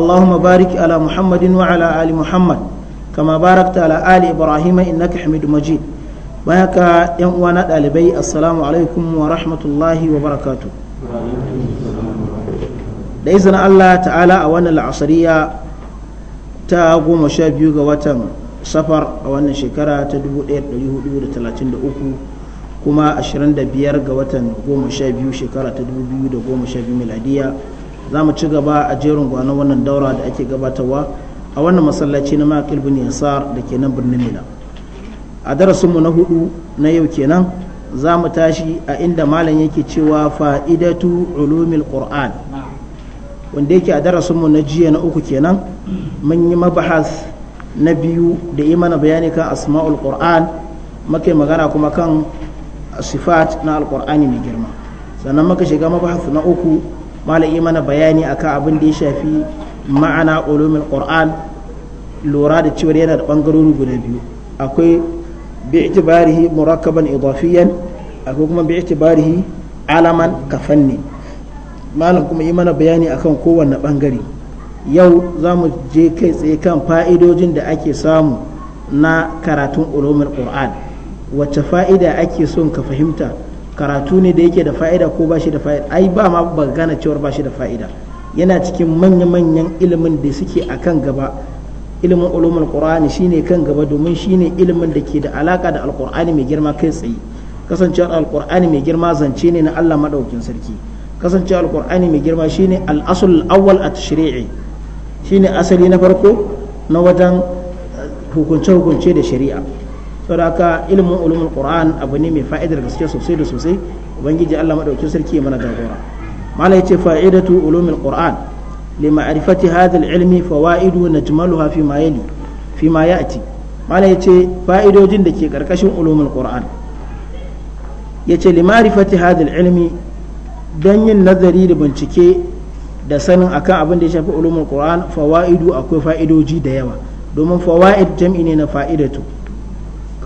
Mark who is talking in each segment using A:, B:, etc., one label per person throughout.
A: اللهم بارك على محمد وعلى آل محمد كما باركت على آل إبراهيم إنك حميد مجيد وهكا يوانا ɗalibai assalamu alaikum wa rahmatullahi wa barakatu da Allah ta'ala a wannan la'asariya ta goma sha biyu ga watan safar a wannan shekara ta 1433 kuma 25 ga watan goma sha biyu shekara ta miladiya za mu ci gaba a jerin gwanon wannan daura da ake gabatarwa a wannan masallaci na makil bin yasar da ke nan birnin mina a darasinmu na hudu na yau kenan za mu tashi a inda malam yake cewa fa'idatu ulumil qur'an wanda yake a darasinmu na jiya na uku kenan mun yi mabahas na biyu da yi mana bayani kan asma'ul qur'an muke magana kuma kan sifat na alqur'ani mai girma sannan muka shiga mabahas na uku malai mana bayani akan abin da ya shafi ma'ana ulumin qur'an lura da cewa yana da bangarori guda biyu akwai bi'tibarihi murakkaban idafiyan akwai kuma bi'tibarihi alaman kafanni malam kuma yi mana bayani akan kowanne bangare yau za mu je kai tsaye kan fa'idojin da ake samu na karatun ulumin qur'an wacce fa'ida ake son ka fahimta karatu ne da yake da fa'ida ko ba shi da fa'ida ai ba ma ba gane cewar ba shi da fa'ida yana cikin manya-manyan ilimin da suke a kan gaba ilimin ulumul qur'ani shine kan gaba domin shine ilimin da ke da alaka da alqur'ani mai girma kai tsaye kasancewar alqur'ani mai girma zance ne na Allah madaukin sarki kasancewar alqur'ani mai girma shine al-asl al-awwal at-shari'i shine asali na farko na wajen eh, hukunce-hukunce da shari'a saboda ilimin ulumin qur'an abu ne mai fa'idar gaske sosai da sosai ubangiji Allah madaukakin sarki ya mana jagora malai ce fa'idatu ulumin qur'an lima arifati hadal ilmi fawaidu jimalu fi ma yali fi ma ya'ti malai ce fa'idojin da ke karkashin ulumin qur'an ya ce lima arifati hadal ilmi don yin nazari da bincike da sanin akan abin da ya shafi ulumin qur'an fawaidu akwai fa'idoji da yawa domin fawaid jam'i ne na fa'idatu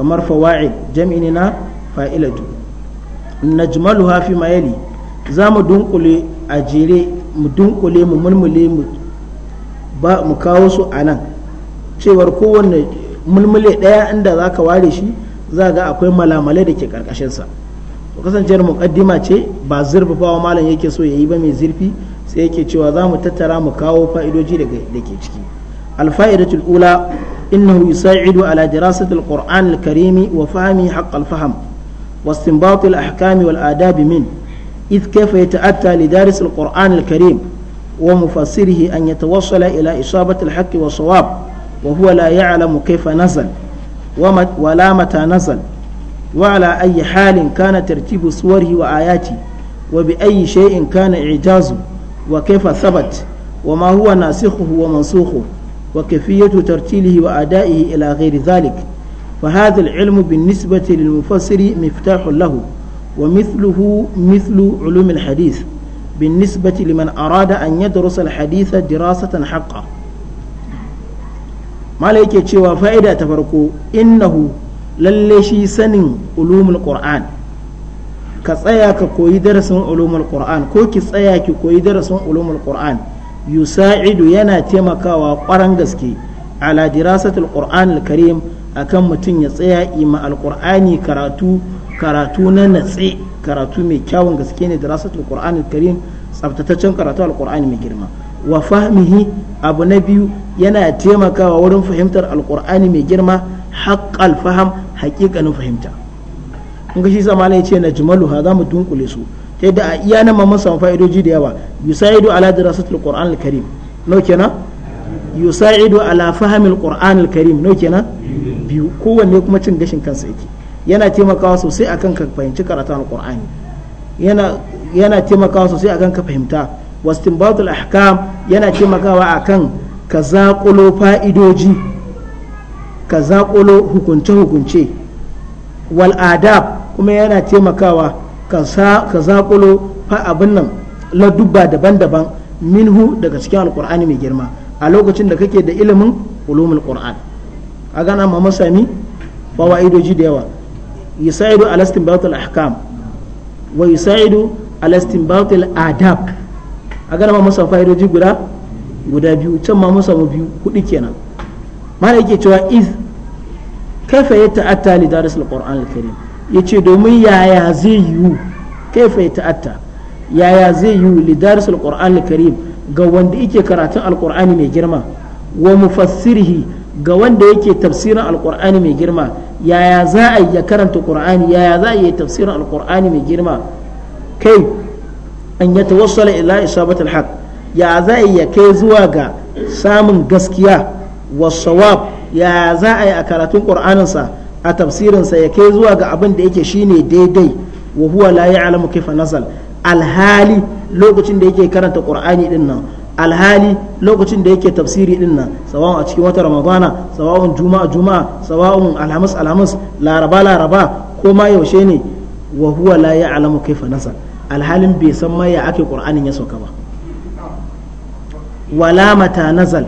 A: kamar fawa'id jam'i ne na fa'ilatu najmaluha fi ma yali za mu dunkule a jere mu dunkule mu mulmule mu ba mu kawo su a nan cewar kowanne mulmule ɗaya inda za ka ware shi za ga akwai malamalai da ke ƙarƙashinsa to kasancewar muƙaddima ce ba zurfafawa malam yake so ya yi ba mai zurfi sai yake cewa za mu tattara mu kawo fa'idoji da ke ciki الفائدة الأولى إنه يساعد على دراسة القرآن الكريم وفهمه حق الفهم واستنباط الأحكام والآداب منه إذ كيف يتأتى لدارس القرآن الكريم ومفسره أن يتوصل إلى إصابة الحق والصواب وهو لا يعلم كيف نزل ومت ولا متى نزل وعلى أي حال كان ترتيب صوره وآياته وبأي شيء كان إعجازه وكيف ثبت وما هو ناسخه ومنسوخه وكيفية ترتيله وأدائه إلى غير ذلك فهذا العلم بالنسبة للمفسر مفتاح له ومثله مثل علوم الحديث بالنسبة لمن أراد أن يدرس الحديث دراسة حقا ما لك تشوى فائدة تفرقوا إنه للشي سن علوم القرآن كسايا كوي درس علوم القرآن كوكي سايا كوي درس علوم القرآن yusa'idu yana taimakawa kwaran gaske ala dirasatul qur'an al-karim akan mutum ya tsaya ima al-qur'ani karatu karatu na natse karatu mai kyawun gaske ne dirasatul qur'an al-karim tsaftataccen karatu al-qur'ani mai girma wa fahmihi abu na biyu yana taimakawa wurin fahimtar al-qur'ani mai girma haqqal faham haqiqanin fahimta kun ga shi zama ya ce najmalu hadha ha dunkule su ta yadda a iya nan fa'idoji da yawa yusaidu ala dirasatul qur'an al-karim no kenan yusaidu ala fahimil qur'an al-karim no kenan biyu kowanne kuma cin gashin kansa yake yana taimakawa sosai akan ka fahimci karatun al-qur'ani yana taimakawa sosai akan ka fahimta wastinbatul ahkam yana taimakawa akan ka zaƙulo fa'idoji ka zaƙulo hukunce-hukunce wal adab kuma yana taimakawa ka zaƙulo abin nan ladubba daban-daban minhu daga cikin alƙur'ani mai girma a lokacin da kake da ilimin ulumul qur'an a gana ma masami idoji da yawa yusaidu ala istinbat al ahkam wa yusaidu ala istinbat al adab a gana ma masa fa'idoji guda guda biyu can ma masa mu biyu hudu kenan mana yake cewa iz kafa ya ta'atta li daris al qur'an al karim ya ce domin yaya zai yiwu kaifa ya ta'atta yaya zai yiwu lidaris alƙur'an karim ga wanda yake karatun al-qur'ani mai girma wa mufassirhi ga wanda yake tafsirin al-qur'ani mai girma yaya za a karanta ƙur'ani yaya za a yi tafsirin al-qur'ani mai girma kai an ya tawassala ila isabatul haq ya za a yi kai zuwa ga samun gaskiya wasawab ya za a yi a karatun ƙur'aninsa a tafsirinsa ya kai zuwa ga abin da yake shine daidai wa huwa la ya'lamu kifa nazal alhali lokacin da yake karanta qur'ani din nan alhali lokacin da yake tafsiri din nan sawa'un a cikin wata ramadana sawa'un juma'a juma'a sawa'un alhamis alhamis laraba laraba ko ma yaushe ne wa huwa la ya'lamu kifa nazal alhalin bai san ma ya ake qur'anin ya sauka ba wala mata nazal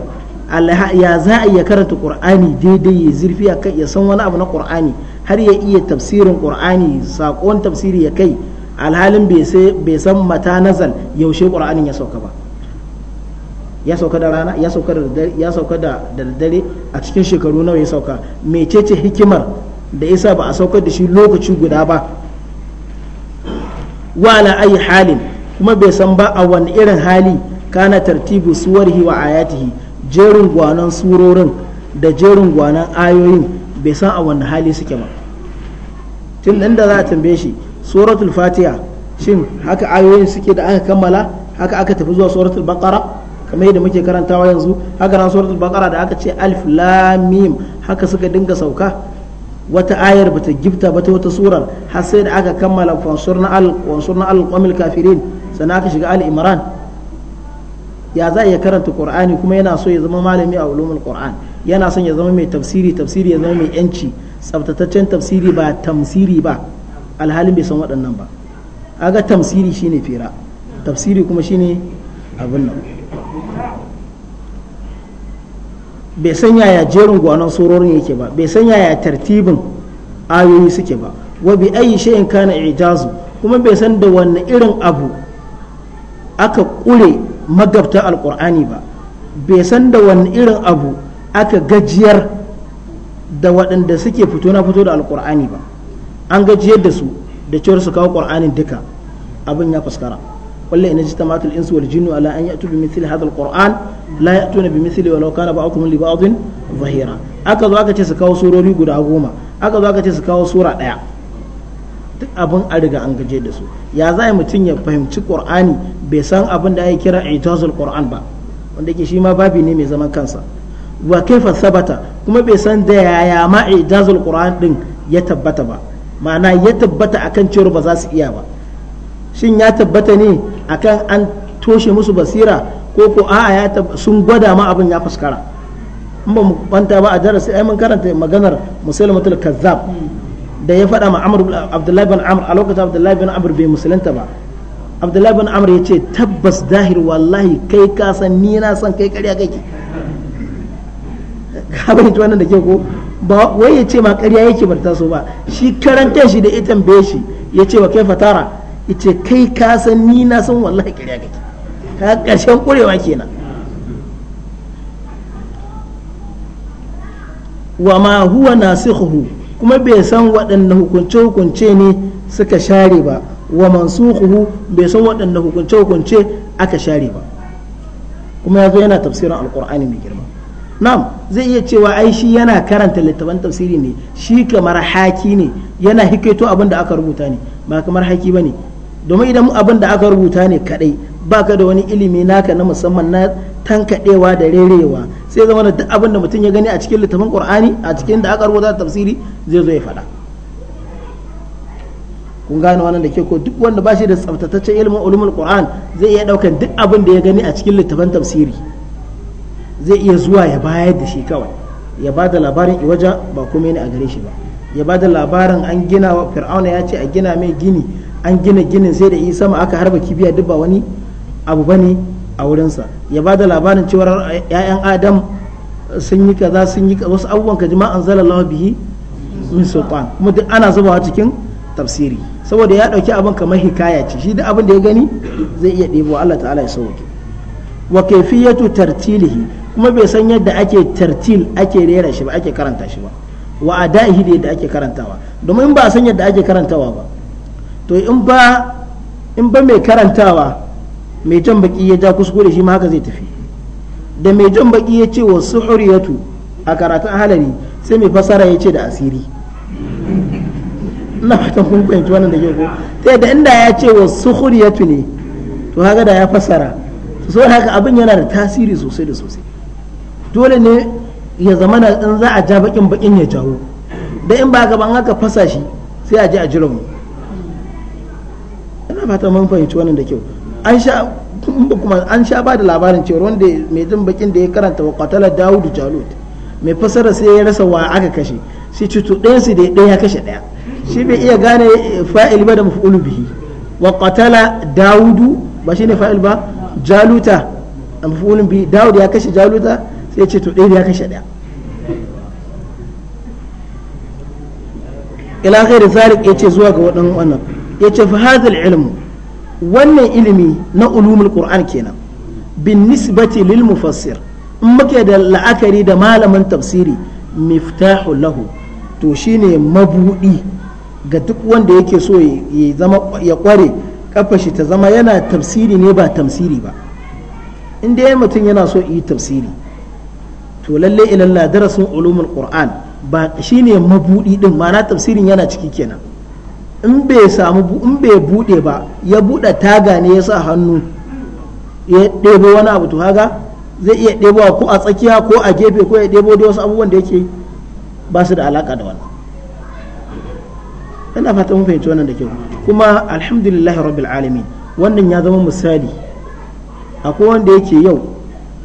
A: ya za a iya karanta qur'ani daidai ya zirfi a kai ya san wani abu na qur'ani har ya iya tafsirin qur'ani saƙon tafsiri ya kai alhalin bai san mata nazal yaushe qur'anin ya sauka ba ya sauka da rana ya sauka da daddare a cikin shekaru nawa ya sauka mecece hikimar da isa ba a sauka da shi lokaci guda ba wala ayi halin kuma bai san ba a wani irin hali kana tartibu suwarhi wa ayatihi jerin gwanan surorin da jerin gwanan ayoyin bai san a wani hali suke ba tun nan da za a tambaye shi suratul fatiha shin haka ayoyin suke da aka kammala haka aka tafi zuwa suratul baqara kamar yadda muke karantawa yanzu haka na suratul baqara da aka ce alif lam haka suka dinga sauka wata ayar bata gifta bata wata surar har sai da aka kammala wansurna al al qamil kafirin sannan aka shiga al imran ya za ya karanta qur'ani kuma yana so ya zama malami a ulumul qur'an yana son ya zama mai tafsiri tafsiri ya zama mai yanci tsabtataccen tafsiri ba tamsiri ba alhalin bai san waɗannan ba aga tamsiri shine fira tafsiri kuma shine abin nan bai san yaya jerin gwanon sororin yake ba bai san yaya tartibin ayoyi suke ba wa bi ayi shay'in kana ijazu kuma bai san da wani irin abu aka kure magabta alkur'ani ba bai san da wani irin abu aka gajiyar da waɗanda suke fito na fito da alkur'ani ba an gajiyar da su da cewar su kawo qur'anin duka abin ya fuskara kullu inna jitamatul insu wal jinnu ala an ya'tu bi mithli hadha alquran la ya'tuna bi mithli walau kana ba'dukum li ba'din zahira aka zo aka ce su kawo surori guda goma aka zo aka ce su kawo sura daya duk abin a riga an gaje da su ya za mutum ya fahimci ƙur'ani bai san abin da ya kira itazul ƙur'an ba wanda ke shi ma babi ne mai zaman kansa wa kaifa sabata kuma bai san da yaya ma itazul ƙur'an din ya tabbata ba ma'ana ya tabbata akan cewa ba za su iya ba shin ya tabbata ne akan an toshe musu basira ko ko a'a ya sun gwada ma abin ya fuskara in ba mu kwanta ba a darasi ai mun karanta maganar musulmatul kazzab da ya faɗa ma amr abdullahi bin amr a lokacin abdullahi bin amr bai musulunta ba abdullahi bin amr ya ce tabbas dahir wallahi kai ka san ni na san kai ƙarya kake ka bai wannan da ke ko ba wai ya ce ma ƙarya yake bar taso ba shi karan shi da ita tambaye shi ya ce wa kai fatara ya ce kai ka san ni na san wallahi ƙarya kake ka ƙarshen ƙurewa kenan wa ma huwa nasikhuhu kuma bai san waɗanne hukunce-hukunce ne suka share ba wa mansukuhu bai san waɗanne hukunce-hukunce aka share ba kuma ya zo yana tafsirin alkur'ani mai girma nam zai iya cewa ai shi yana karanta littafan tafsiri ne shi kamar haki ne yana hikaito abin da aka rubuta ne ba kamar haki ba ne domin idan abin da aka rubuta ne kadai ka da wani ilimi naka na musamman na tankaɗewa da rerewa sai zama duk abin da mutum ya gani a cikin littafin qur'ani a cikin da aka rubuta tafsiri zai zo ya faɗa kun gane wannan da ke ko duk wanda ba shi da tsaftataccen ilimin ulumul qur'an zai iya daukan duk abin da ya gani a cikin littafin tafsiri zai iya zuwa ya bayar da shi kawai ya ba da labarin iwaja ba kuma ne a gare shi ba ya ba da labarin an gina wa fir'auna ya ce a gina mai gini an gina ginin sai da isa sama aka harba kibiya duk ba wani abu bane a wurinsa ya ba da labarin cewar 'ya'yan adam sun yi kaza sun yi wasu abubuwan ka jima'an lawa bihi min sultan kuma duk ana zubawa cikin tafsiri saboda ya dauki abin kamar hikaya ce shi duk abin da ya gani zai iya ɗebo Allah ta'ala ya sauke wa tu tartilihi kuma bai san yadda ake tartil ake rera shi ba ake karanta shi ba wa adaihi da yadda ake karantawa domin ba san yadda ake karantawa ba to in ba in ba mai karantawa mai jan baki ya ja kuskure shi ma haka zai tafi da mai jan baki ya ce wa suhuriyatu a karatun halari sai mai fasara ya ce da asiri ina fatan kun fahimci wannan da ke ko ta yadda inda ya ce wa suhuriyatu ne to haka da ya fasara so haka abin yana da tasiri sosai da sosai dole ne ya zama na in za a ja bakin bakin ya jawo da in ba gaban haka fasa shi sai a je a jira mu ina fatan mun fahimci wannan da kyau an sha kuma an sha ba da labarin cewa wanda mai jin bakin da ya karanta wa qatala Dawud Jalut mai fasara sai ya rasa wa aka kashe sai cutu ɗayan su da ɗaya ya kashe ɗaya shi bai iya gane fa'il ba da maf'ul bihi wa qatala Dawud ba shine fa'il ba Jaluta maf'ul bihi Dawud ya kashe Jaluta sai cutu ɗaya da ya kashe ɗaya ila ghairi zalik yace zuwa ga waɗannan wannan yace fa hadha ilmu wannan ilimi na ulumul qur'an kenan bin nisbati lil mufassir in muke da la'akari da malamin tafsiri miftahu lahu to shine mabudi ga duk wanda yake so ya zama ya kware kafa shi ta zama yana tafsiri ne ba tafsiri ba inda dai mutum yana so yi tafsiri to lalle ilalla darasin ulumul qur'an ba shine mabudi din ma'ana tafsirin yana ciki kenan in bai samu in bai bude ba ya bude taga ne ya sa hannu ya ɗebo wani abu to haga zai iya ɗebowa ko a tsakiya ko a gefe ko ya ɗebo da wasu abubuwan da yake ba su da alaka da wannan ina fata mun fahimci wannan da kyau kuma alhamdulillahi rabbil alamin wannan ya zama misali akwai wanda yake yau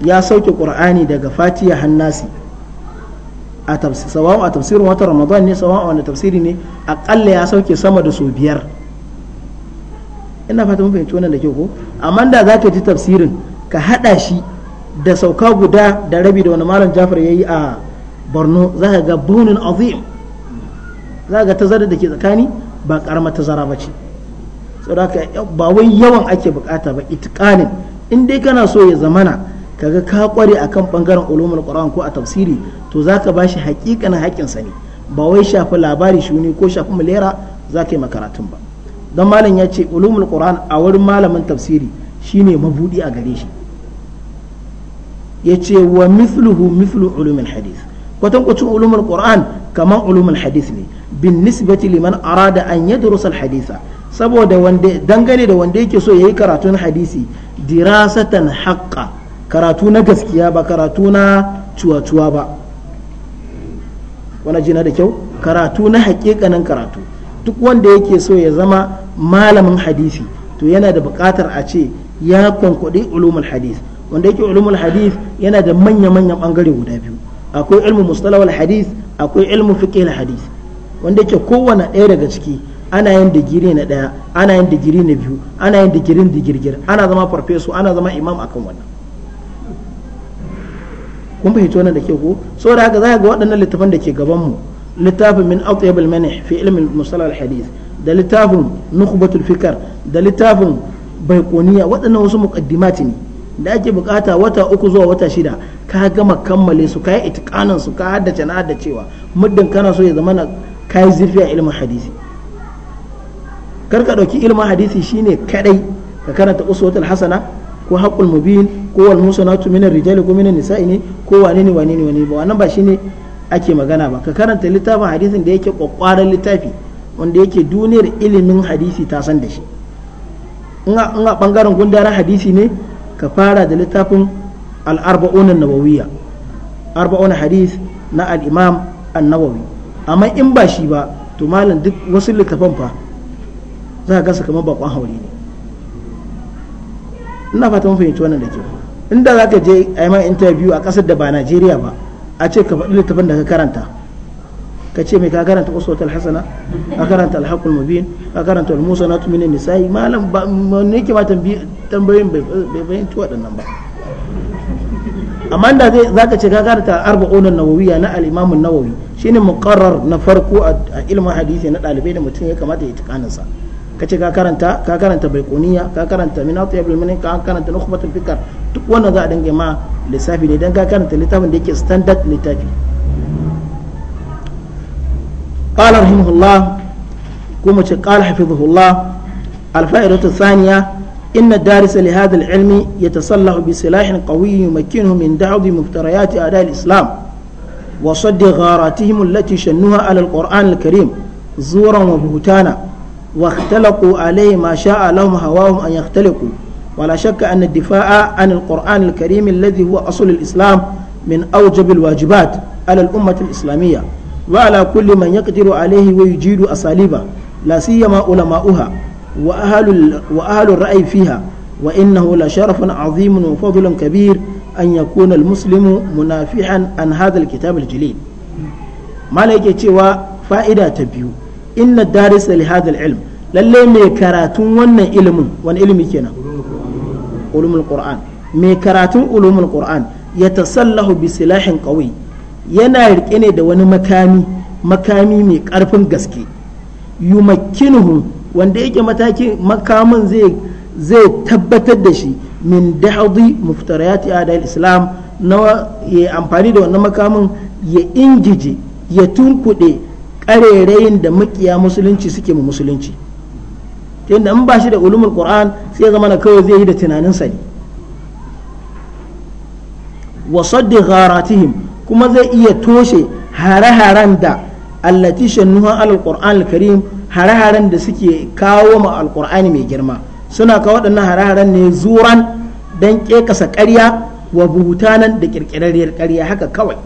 A: ya sauke qur'ani daga fatiha hannasi a a tafsirin watan ramadan ne sawa'u wani tafsiri ne akalla ya sauke sama da su biyar ina fata mun fahimci wannan da ke ko amma da za ka ji tafsirin ka hada shi da sauka guda da rabi da wani malam jafar ya yi a borno za ka ga bunin azim za ka ga tazara da ke tsakani ba karama tazara ba ce saboda ba wai yawan ake bukata ba itikanin in dai kana so ya zamana kaga ka kware akan bangaren ulumul qur'an ko a tafsiri to zaka bashi hakikanin sa ne ba wai shafi labari shuni ko shafi mulera zaka yi makaratun ba dan malam ya ce ulumul qur'an a wurin malamin tafsiri shine mabudi a gare shi ya ce wa mithluhu mithlu ulumul hadith kwatan kwacin ulumul qur'an kaman ulumul hadith ne bin nisbati liman arada an yadrusa al haditha saboda wanda dangane da wanda yake so yayi karatun hadisi dirasatan haqqan karatu na gaskiya ba karatu na cuwa-cuwa ba wani jina da kyau karatu na hakikanin karatu duk wanda yake so ya zama malamin hadisi to yana da buƙatar a ce ya kwankwaɗi ulumul hadis wanda yake ulumul hadis yana da manya-manyan ɓangare guda biyu akwai ilmu mustalawal hadis akwai ilmu fiqh hadis wanda yake kowane ɗaya daga ciki ana yin digiri na ɗaya ana yin digiri na biyu ana yin digirin digirgir ana zama farfesu ana zama imam akan wannan kun fahimci wannan da ke ko saboda haka za ga waɗannan littafan da ke gaban mu littafin min atyab al-manih fi ilmin al al-hadith da littafin nukhbatul fikar da littafin baiqoniya waɗannan wasu muqaddimati ne da ake bukata wata uku zuwa wata shida ka gama kammale su ka yi su ka haddace na haddacewa muddin kana so ya zama na ka yi zurfi a ilimin hadisi kar ka ɗauki ilimin hadisi shine kadai ka karanta uswatul hasana ko haqqul mubin ko wal musanatu minar rijali ko minan nisa'i ne ko wane ne wane ne wane ba wannan ba shine ake magana ba ka karanta littafin hadisin da yake kwakwaran littafi wanda yake duniyar ilimin hadisi ta san da shi in a bangaren gundarin hadisi ne ka fara da littafin al-arba'un an-nawawiyya arba'un hadis na al-imam an-nawawi amma in ba shi ba to malam duk wasu littafan fa za ka gasa kamar bakon haure ne ina fata mun fahimci wannan da ke inda za ka je a yi interview a kasar da ba najeriya ba a ce ka faɗi littafin da ka karanta ka ce mai ka karanta uswatul hasana ka karanta alhaqul mubin ka karanta al musa na an-nisa'i malam ba ne ke ma tambayoyin bai bayan tu waɗannan ba amma da zai zaka ce ka karanta arba'un nawawi nawawiya na al-imam an-nawawi shine muqarrar na farko a ilmin hadisi na ɗalibai da mutum ya kamata ya tukanin sa kace ka karanta ka karanta baikuniya ka karanta minatu ibn min ka karanta nukhbatul fikar duk wannan za a dinga lissafi ne dan ka karanta littafin da yake standard littafi qala rahimahullah kuma ce qala hafizahullah alfa'idatu thaniya inna daris li hadha alilmi yatasallahu bi silahin qawi yumakkinuhu min da'w muftariyat ada alislam wa saddi gharatihim allati shannuha ala alquran alkarim zuran wa buhtana واختلقوا عليه ما شاء لهم هواهم أن يختلقوا ولا شك أن الدفاع عن القرآن الكريم الذي هو أصل الإسلام من أوجب الواجبات على الأمة الإسلامية وعلى كل من يقدر عليه ويجيد أساليبه لا سيما علماؤها وأهل, وأهل الرأي فيها وإنه لشرف عظيم وفضل كبير أن يكون المسلم منافعا عن هذا الكتاب الجليل ما لك فائدة تبيو inna darisa li hadha ilm lalle mai karatun wannan ilimin wani ilimi kenan ulumul qur'an mai karatun ulumul qur'an yatasallahu bi silahin qawi yana rike ne da wani makami makami mai karfin gaske yumakkinuhu wanda yake mataki makamin zai zai tabbatar da shi min dahdi muftariyati adal islam na ya amfani da wannan makamin ya ingije ya tunkuɗe ƙarerayin da makiya musulunci suke mu musulunci yadda in ba shi da ulumul qur'an sai ya zama na kawai zai yi da tunanin sa ne wa saddi gharatihim kuma zai iya toshe hare-haren da allati shannuha alal qur'an karim hare-haren da suke kawo ma alqur'ani mai girma suna kawo waɗannan hare-haren ne zuran dan kekasa ƙarya wa buhutanan da kirkirarriyar ƙarya haka kawai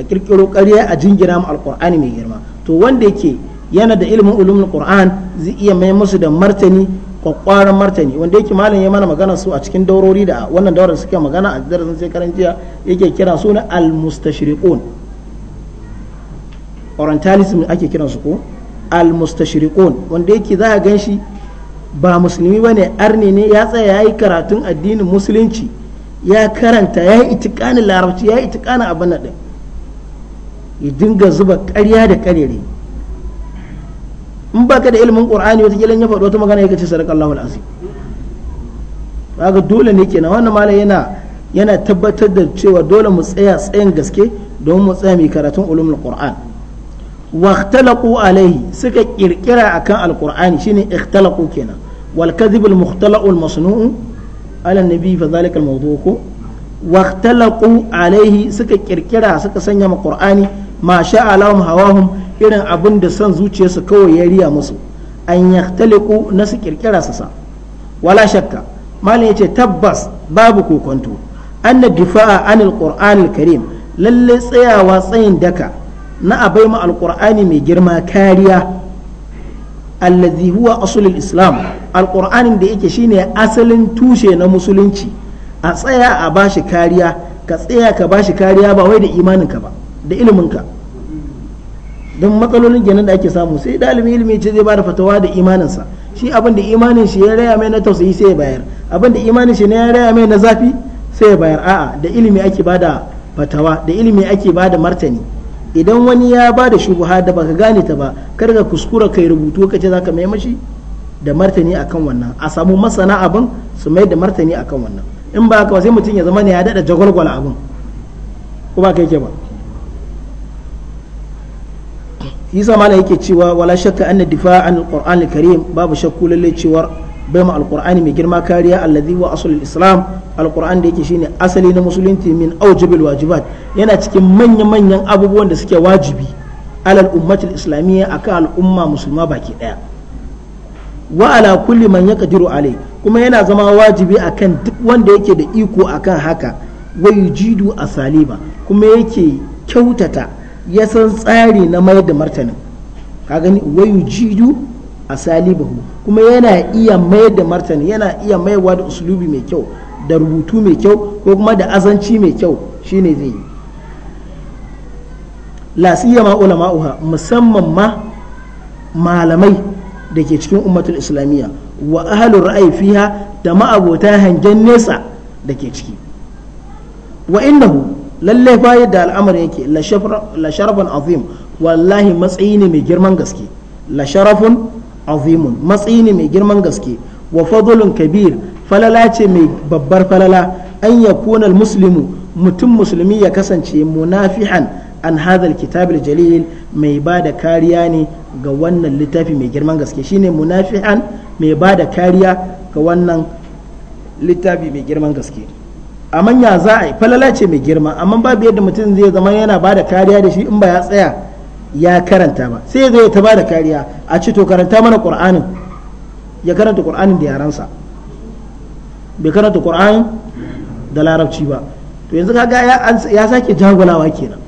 A: a kirkiro ƙarya a jingina mu Alƙur'ani mai girma to wanda yake yana da ilimin ulumul qur'an zai iya mai musu da martani kwakwaran martani wanda yake malam ya mana magana su a cikin daurori da wannan daurar suke magana a darasin sai karan jiya yake kira su na al-mustashriqun orientalism ake kiran su ko al-mustashriqun wanda yake za a ganshi ba musulmi bane arne ne ya tsaya yayi karatun addinin musulunci ya karanta yayi itikanin larabci yayi itikanin abin nan ya dinga zuba ƙarya da ƙarere in baka da ilimin ƙur'ani wata gilan ya faɗi wata magana yake ce sadaka Allahul Azim ba dole ne kenan wannan malam yana yana tabbatar da cewa dole mu tsaya tsayin gaske don mu tsaya mai karatun ulumul Qur'an waqtalaqu alayhi suka ƙirƙira akan alqur'ani shine ikhtalaqu kenan wal kadhib al mukhtalaqu al masnu'u ala nabi fa zalika al mawdu'u waqtalaqu alayhi suka kirkira suka sanya mu qur'ani ma sha'alahum hawahum irin abin da son zuciyarsu kawai ya riya musu an taliku na su kirkira su sa wala shakka malin yace tabbas babu kokonto anna difa'a anil qur'anil karim lalle tsayawa tsayin daka na abai ma alqur'ani mai girma kariya allazi huwa asulul islam alqur'anin da yake shine asalin tushe na musulunci a tsaya a bashi kariya ka tsaya ka bashi kariya ba wai da imaninka ba da iliminka don matsalolin kenan da ake samu sai dalibin ilimi ce zai ba bada fatawa da imaninsa shi abin da imanin shi ya raya mai na tausayi sai ya bayar abin da imanin shi ne ya raya mai na zafi sai ya bayar a'a da ilimi ake bada fatawa da ilimi ake ba da martani idan wani ya ba da shubuha da baka gane ta ba kar ka kuskura kai rubutu kace zaka mai mashi da martani akan wannan a samu masana abin su mai da martani akan wannan in ba ka ba sai mutum ya zama ne ya dada jagwalgwal abin ko ba ka ke ba isa malam yake cewa wala shakka anna difa an alqur'an alkarim babu shakku lalle cewa bai ma alqur'ani mai girma kariya alladhi wa aslul islam alqur'an da yake shine asali na musulunci min aujibil wajibat yana cikin manyan manyan abubuwan da suke wajibi alal ummatil islamiyya akan al'umma musulma baki daya wa ala kulli man yaqdiru alai kuma yana zama wajibi akan duk wanda yake da iko akan haka wa yujidu asaliba kuma yake kyautata ya san tsari na mayar da martani ka gani wayu jidu a salibahu kuma yana iya mayar da martani yana iya mayarwa da usulubi mai kyau da rubutu mai kyau ko kuma da azanci mai kyau shine zai yi lasiya ma ulama'uha musamman ma malamai da ke cikin ummatul islamiyya wa ahalur ra'ayi fiha da ma'abota hangen nesa da ke ciki wa innahu lallai fa yadda al'amarin yake la sharafan azim wallahi matsayi ne mai girman gaske la sharafun azimun matsayi ne mai girman gaske wa fadlun kabir falala ce mai babbar falala an yakuna muslimu mutum musulmi ya kasance munafihan an hadal kitabul jalil mai ba da kariya ne ga wannan littafi mai girman gaske shine munafihan mai ba da kariya ga wannan littafi mai girman gaske amma ya za a yi falala ce mai girma amma babu yadda mutum zai zama yana ba da kariya da shi in ba ya tsaya ya karanta ba sai zai ta ba da kariya a ce to karanta mana qur'anin ya karanta qur'anin da yaransa bai karanta ƙur'an da larabci ba to yanzu kaga ya sake jagulawa kenan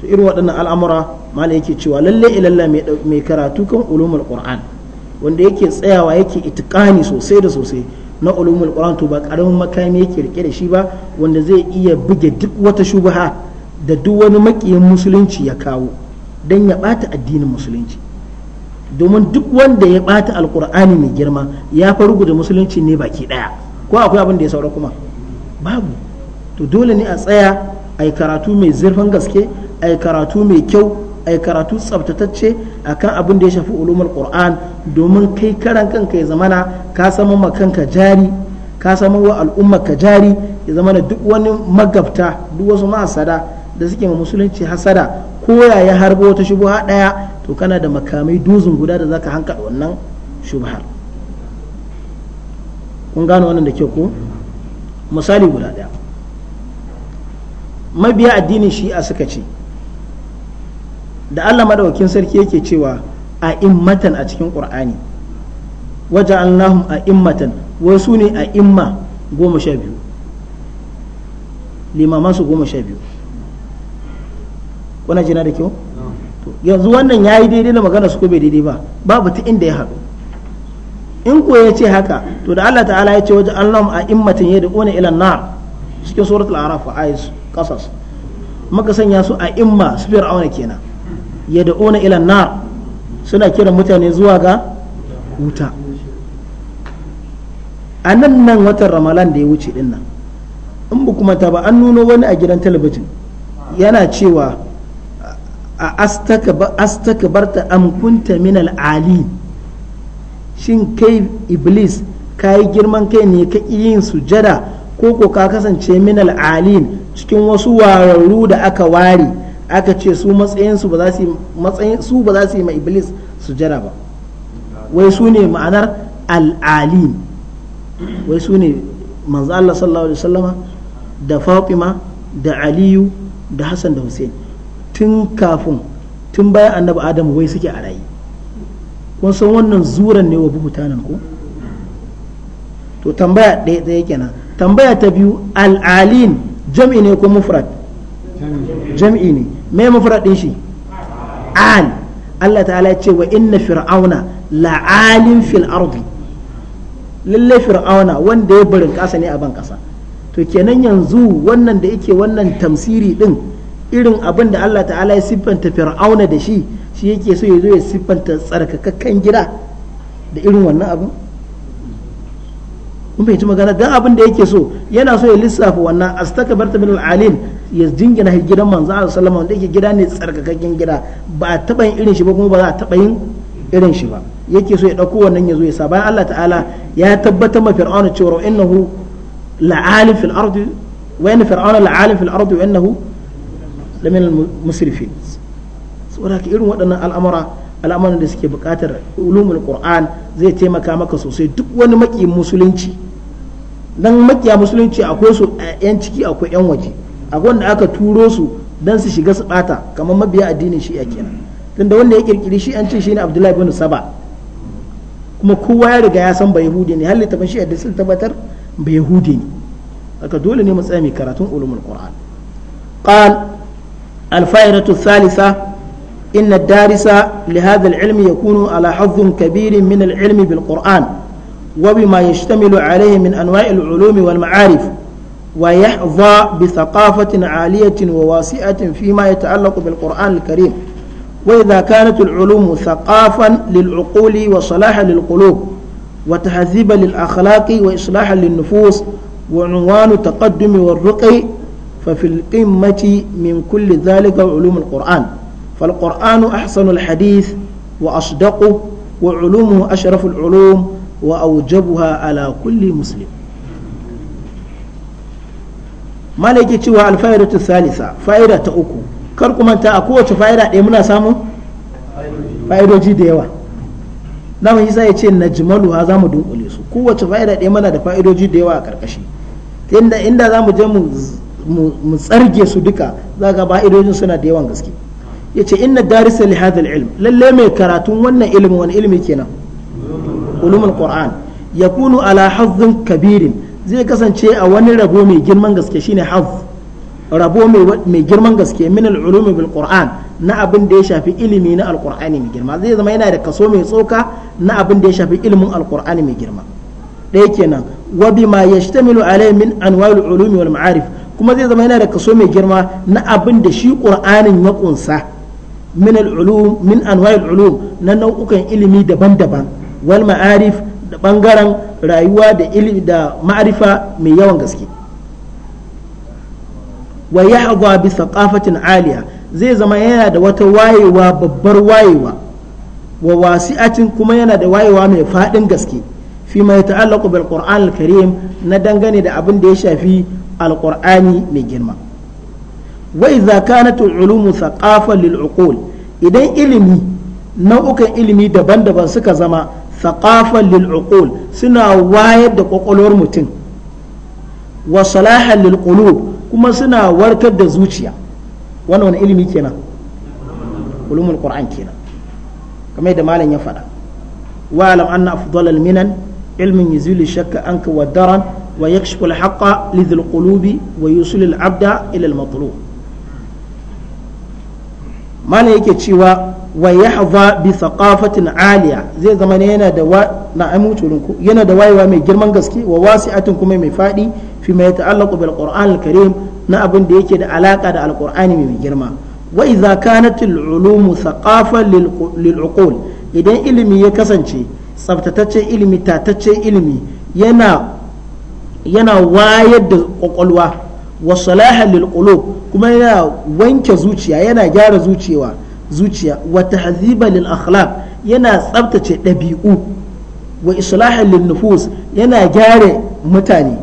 A: to irin waɗannan al'amura malai yake cewa lalle ilalla mai karatu kan ulumul qur'an wanda yake tsayawa yake itikani sosai da sosai na ulumul qur'an to ba karamin makami yake rike da shi ba wanda zai iya buge duk wata shubha da duk wani makiyin musulunci ya kawo dan ya bata addinin musulunci domin duk wanda ya bata al'kurani mai girma ya faru da musulunci ne baki daya ko akwai abin da ya saura kuma babu to dole ne a tsaya ai karatu mai zurfin gaske ai karatu mai kyau ai karatu tsabtatacce akan abin da ya shafi ulumul qur'an domin kai karan kanka ya zamana ka samu ma kanka jari ka samu wa al'umma ka jari ya zamana duk wani magabta duk wasu ma'asada da suke ma musulunci hasada ko ya harbo wata shubha daya to kana da makamai dozin guda da zaka hanka wannan shubhar kun gano wannan da ke ko misali guda daya mabiya addinin shi'a suka ce da Allah madawakin sarki yake cewa a immatan a cikin qur'ani waje allahum a immatan wasu ne a imma goma sha biyu limaman su goma sha biyu kuna jina da kyau yanzu wannan ya yi daidai da magana su ko bai daidai ba babu ta inda ya haɗu in ko ya ce haka to da Allah ta'ala ya ce waje allahum a immatan ya da'una ilan nar cikin suratul araf a yi kasas maka sanya su a imma su fi ra'auna kenan yad'una ila na suna kiran mutane zuwa ga wuta a nan nan watan ramalan da ya wuce din nan in ba kuma ta ba an nuno wani a gidan talabijin yana cewa a barta am kunta min ali shin kai iblis ka yi girman kai ne ka yin sujada ko ko ka kasance min al'alin cikin wasu wararru da aka ware aka ce su matsayin su ba za su matsayin su ba za su yi ma iblis su jira ba wai su ne ma'anar al'alim wai su ne manzo Allah sallallahu alaihi wasallama da Fatima da Aliyu da Hassan da Hussein tun kafin tun bayan annabi Adam wai suke a rayi kun san wannan zuran ne wa buhutanan ko to tambaya ɗaya ɗaya kenan tambaya ta biyu al'alin jam'i ne ko mufrad jam'i ne me mafradin shi al Allah ta'ala ya ce wa inna fir'auna la'alin fil ardi lalle fir'auna wanda ya barin kasa ne a ban kasa to kenan yanzu wannan da yake wannan tamsiri din irin abin da Allah ta'ala ya siffanta fir'auna da shi shi yake so ya zo ya siffanta tsarkakakken gida da irin wannan abin mun fahimci magana dan abin da yake so yana so ya lissafa wannan astakbarta min al-alil ya jingina gidan manzo Allah sallama wanda yake gida ne tsarkakakken gida ba a taba yin irin shi ba kuma ba za a taba yin irin shi ba yake so ya dauko wannan ya zo ya sa bayan Allah ta'ala ya tabbatar ma fir'auna cewa innahu la'alim fil ardi wa inna fir'auna la'alim fil ardi wa innahu lamin al-musrifin saboda irin waɗannan al'amura al'amuran da suke buƙatar ulumul qur'an zai taimaka maka sosai duk wani maki musulunci dan makiya musulunci akwai su yan ciki akwai yan waje akwai wanda aka turo su dan su shiga su bata kamar mabiya addinin shi'a kenan tunda wanda ya kirkiri shi shine abdullahi ibn saba kuma kowa ya riga ya san ba yahudi ne halitta ban shi'a da sun tabbatar ba yahudi ne aka dole ne mu tsaya mai karatun ulumul qur'an qal al-fa'idatu thalitha إن الدارس لهذا العلم يكون على حظ كبير من العلم بالقرآن وبما يشتمل عليه من أنواع العلوم والمعارف ويحظى بثقافة عالية وواسعة فيما يتعلق بالقرآن الكريم وإذا كانت العلوم ثقافا للعقول وصلاحا للقلوب وتهذيبا للأخلاق وإصلاحا للنفوس وعنوان التقدم والرقي ففي القمة من كل ذلك علوم القرآن فالقرآن أحسن الحديث وأصدقه وعلومه أشرف العلوم وأوجبها على كل مسلم ما لكي تشوى الفائدة الثالثة فائدة تأكو كركم أنت أكو فائدة إمنا سامو فائدة جديوة dama isa ya ce na jimaluwa za mu dunkule su kowace fa'ida ɗaya muna da fa'idoji da yawa a ƙarƙashi inda zamu je mu tsarge su duka za ga suna da yawan gaske yace inna darisa li hadha ilm lalle mai karatun wannan ilmi wani ilmi kenan ulumul qur'an yakunu ala hazzin kabirin zai kasance a wani rabo mai girman gaske shine hazz rabo mai girman gaske min al-ulum bil qur'an na abin da ya shafi ilimi na mai girma zai zama yana da kaso mai tsoka na abin da ya shafi ilimin al'kur'ani mai girma ɗaya kenan wa bima yashtamilu alayhi min anwa'il ulumi wal ma'arif kuma zai zama yana da kaso mai girma na abin da shi qur'anin ya kunsa min al-ulum min anwa'i ulum na nau'ukan ilimi daban-daban wal ma'arif da bangaren rayuwa da ilimi da ma'arifa mai yawan gaske wa ya'dha bi thaqafatin 'aliya zai zama yana da wata wayewa babbar wayewa wa wasi'atin kuma yana da wayewa mai fadin gaske fi ma ta'allaqu bil qur'an al-karim na dangane da abin da ya shafi al mai girma wa idza kanat al-ulum thaqafa lil idan ilimi nau'ukan ilimi daban-daban suka zama thaqafa lil suna wayar da kwakwalwar mutum wa salahan lil kuma suna warkar da zuciya wannan wani ilimi kenan ulumul qur'an kenan kamar yadda malam ya faɗa wa alam anna afdalal minan ilmin yuzilu shakka anka wa daran ويكشف الحق لذي القلوب ويوصل العبد إلى المطلوب mana yake cewa wa yahza bi kafatin aliya zai zama ne yana da na yana da wayewa mai girman gaske wa wasi'atin kuma mai fadi fi mai yata'allaqu bil qur'an al na abin da yake da alaka da alqur'ani mai girma wa idza kanat al ulum thaqafan lil idan ilimi ya kasance tsabtataccen ilimi tataccen ilimi yana yana wayar da kwakwalwa wa salahan kuma yana wanke zuciya yana gyara zuciya zuciya wa tahziba lil yana tsabtace ɗabi'u wa islahan lil nufus yana gyara mutane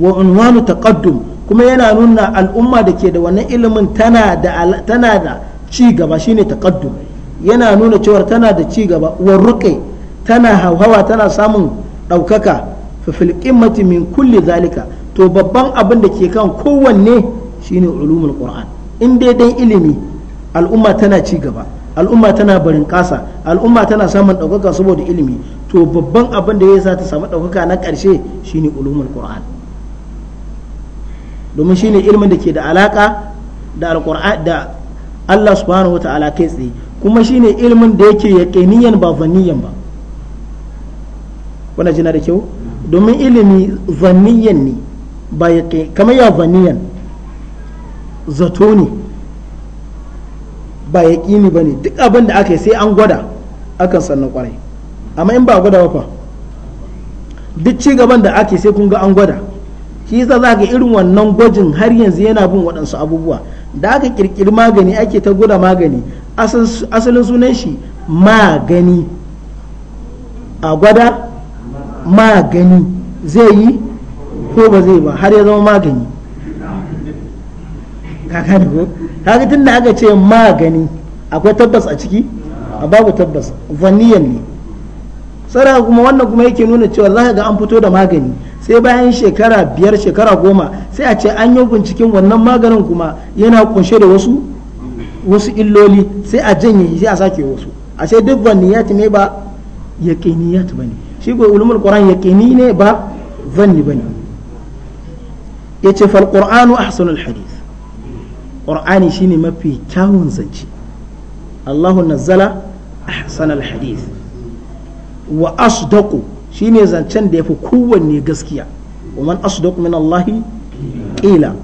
A: wa unwanu taqaddum kuma yana nuna al'umma da ke da wannan ilimin tana da tana da ci gaba shine taqaddum yana nuna cewa tana da ci gaba wa ruqi tana hawa tana samun ɗaukaka fa fil min kulli zalika to babban abin da ke kan kowanne shine ulumul qur'an in dai dan ilimi al'umma tana ci gaba al'umma tana barin kasa al'umma tana samun ɗaukaka saboda ilimi to babban abin da ya sa ta samu ɗaukaka na ƙarshe shine ulumul qur'an domin shine ilimin da ke da alaka da alqur'an da Allah subhanahu wa ta'ala kai tsaye kuma shine ilimin da yake yaqiniyan ba zanniyan ba wannan jina da kyau domin ilimi zanniyan ne ba ya ke kamar ya zato ne ba ya ƙini ba ne duk abin da aka yi sai an gwada akan sannan kwarai amma in ba gwada ba duk ci gaban da ake sai kun ga an gwada shi za za ga irin wannan gwajin har yanzu yana bin waɗansu abubuwa da aka kirkiri magani ake ta gwada magani asalin sunan shi magani a gwada magani zai yi ko ba zai ba har ya zama magani kaga tun da aka ce magani akwai tabbas a ciki a babu tabbas vaniyan ne tsara kuma wannan kuma yake nuna cewa za ga an fito da magani sai bayan shekara biyar shekara goma sai a ce an yi binciken wannan maganin kuma yana kunshe da wasu wasu illoli sai a janye sai a sake wasu a ce duk vaniyat ne ba yaqiniyat bane shi ko ulumul qur'an yaqini ne ba vanni bane yace fal qur'anu ahsanul hadith qur'ani shine mafi kyawun zance Allahu nazzala ahsanal hadis wa asdaqu shine zancen da yafi kowanne gaskiya wa man asdaqu min Allahi qila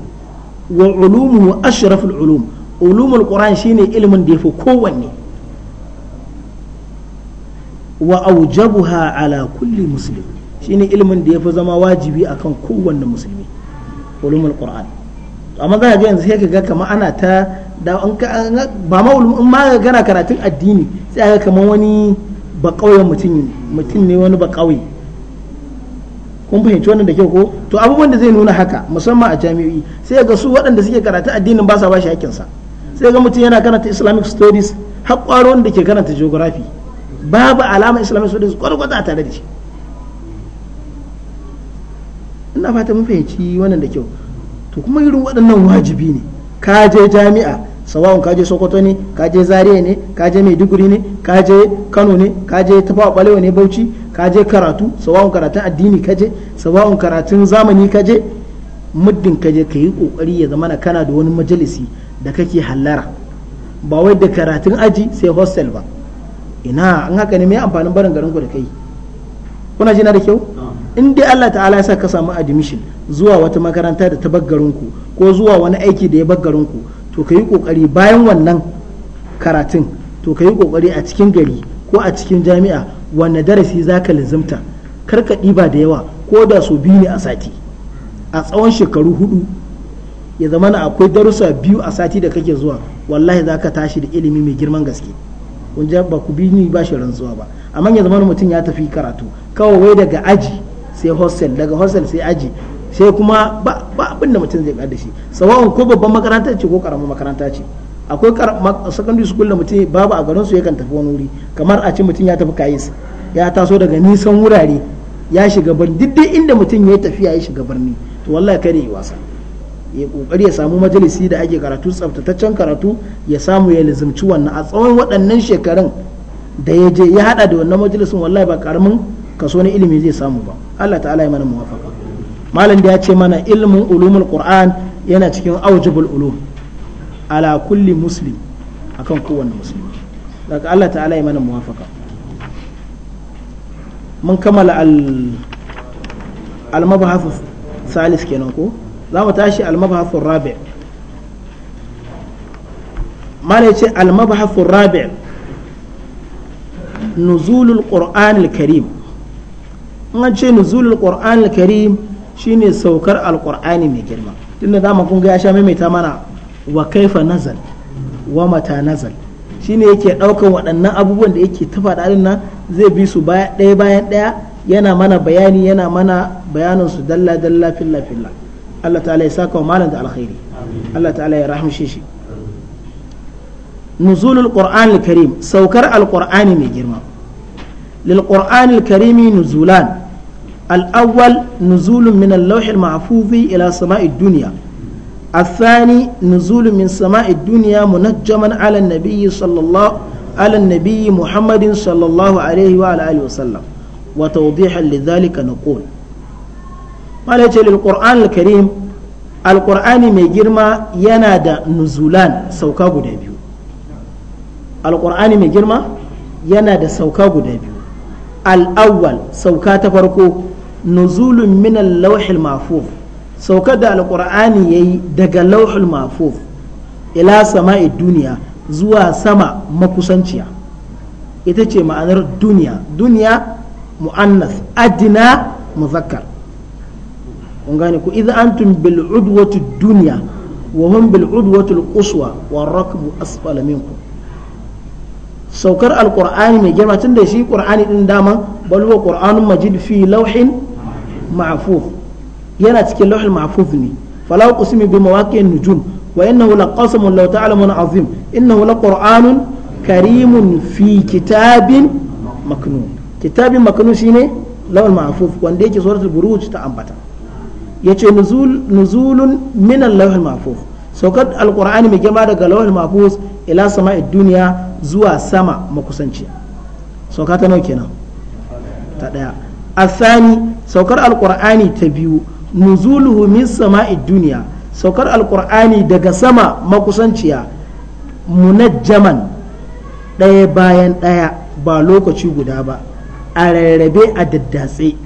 A: wa ulumuhu ashraful ulum ulumul qur'an shine ilimin da yafi kowanne wa aujabuha ala kulli muslim shine ilimin da yafi zama wajibi akan kowanne musulmi ulumul qur'an amma za ka ga yanzu sai ka ga kamar ana ta da ba ma in ma gana karatun addini sai ga kamar wani ba kauyen mutum mutum ne wani ba kauye kun fahimci wannan da kyau ko to abubuwan da zai nuna haka musamman a jami'i sai ga su waɗanda suke karatu addinin ba sa ba shi sa sai ga mutum yana karanta islamic studies har ƙwaro wanda ke karanta geography babu alama islamic studies kwata-kwata a tare da shi ina fata mun fahimci wannan da kyau to kuma irin waɗannan wajibi ne ka je jami'a sawa'un ka je sokoto ne ka je zaria ne ka je maiduguri ne ka je kano ne ka je tafawa balewa ne bauchi ka je karatu sawa'un karatun addini ka je sawa'un karatun zamani ka je muddin ka je ka yi kokari ya zamana kana da wani majalisi da kake hallara ba wai da karatun aji sai hostel ba ina an haka ne mai amfanin barin garin ku da kai kuna jina da kyau in dai Allah ta'ala ya sa ka samu admission zuwa wata makaranta da ta ku ko zuwa wani aiki da ya ku to ka yi kokari bayan wannan karatun to ka yi kokari a cikin gari ko a cikin jami'a wanne darasi za ka lizimta kar ka ɗiba da yawa ko da su biyu ne a sati a tsawon shekaru hudu ya zama na akwai darussa biyu a sati da kake zuwa wallahi za ka tashi da ilimi mai girman gaske kun ba ku biyu ni ba shi rantsuwa ba amma ya zama mutum ya tafi karatu kawai wai daga aji sai hostel daga hostel sai aji sai kuma ba abin da mutum zai da shi sawa'un ko babban makaranta ce ko karamin makaranta ce akwai secondary school da mutum babu a garin su yakan tafi wani wuri kamar a ce mutum ya tafi kayis ya taso daga nisan wurare ya shiga birni duk inda mutum ya tafiya ya shiga birni to wallahi kada yi wasa ya kokari ya samu majalisi da ake karatu tsaftataccen karatu ya samu ya lizimci wannan a tsawon waɗannan shekarun da ya je ya hada da wannan majalisin wallahi ba karamin kaso ne ilimi zai samu ba Allah ta'ala ya mana muwafaka malam da ya ce mana ilmin ulumul qur'an yana cikin aujibul ulum ala kulli muslim akan kowanne musulmi daga Allah ta'ala ya mana muwafaka mun kammala al al salis kenan ko za mu tashi al mabhath rabi' ya ce al mabhath rabi' nuzulul qur'anil karim in an ce nuzulul qur'anil karim shine saukar alqur'ani mai girma tunda da kun ga ya sha maimaita mana wa kaifa nazal wa mata nazal shine yake daukan waɗannan abubuwan da yake da alin nan zai bi su ɗaya bayan ɗaya yana mana bayani yana mana bayanin su dalla dalla filla filla Allah ta'ala ya saka wa malam da alkhairi Allah ta'ala ya rahamshe shi nuzulul qur'anil karim saukar alqur'ani mai girma lil qur'anil karimi nuzulan الأول نزول من اللوح المحفوظ إلى سماء الدنيا الثاني نزول من سماء الدنيا منجما على النبي صلى الله على النبي محمد صلى الله عليه وعلى آله وسلم وتوضيحا لذلك نقول قال للقرآن الكريم القرآن مجرما ينادى نزولان سوكا قدابيو القرآن مجرما ينادى سوكا قدابيو الأول سوكا تفرقو nuzulun minal lauhin mafu saukar da alkur'ani ya daga lauhin mafu ila sama'i duniya zuwa sama makusanciya ita ce ma'anar duniya duniya mu'annas adina muzakkar kun gane ku idza antum bil udwati dunya wa hum bil udwati al quswa war saukar alqur'ani mai gama tun da shi ƙur'ani ɗin dama bal huwa qur'anun majid fi lauhin. mahfuz yana cikin lauhul mahfuz ne fala uqsimu bi mawaqi'in nujum wa innahu laqasamun law ta'lamun azim innahu laqur'anun karimun fi kitabin maknun kitabin maknun shine lauhul mahfuz wanda yake suratul buruj ta ambata yace nuzul nuzulun min al-lauhul mahfuz saukar alkur'ani mai girma daga lawal mafus ila sama'id duniya zuwa sama makusanci sauka ta nawa kenan ta ɗaya. الثاني سوكر القرآن تبيو نزوله من سماء الدنيا سوكر القرآن دقا سما ما كسانشيا منجما ɗaya bayan ɗaya بالوكو lokaci guda على a الدداسي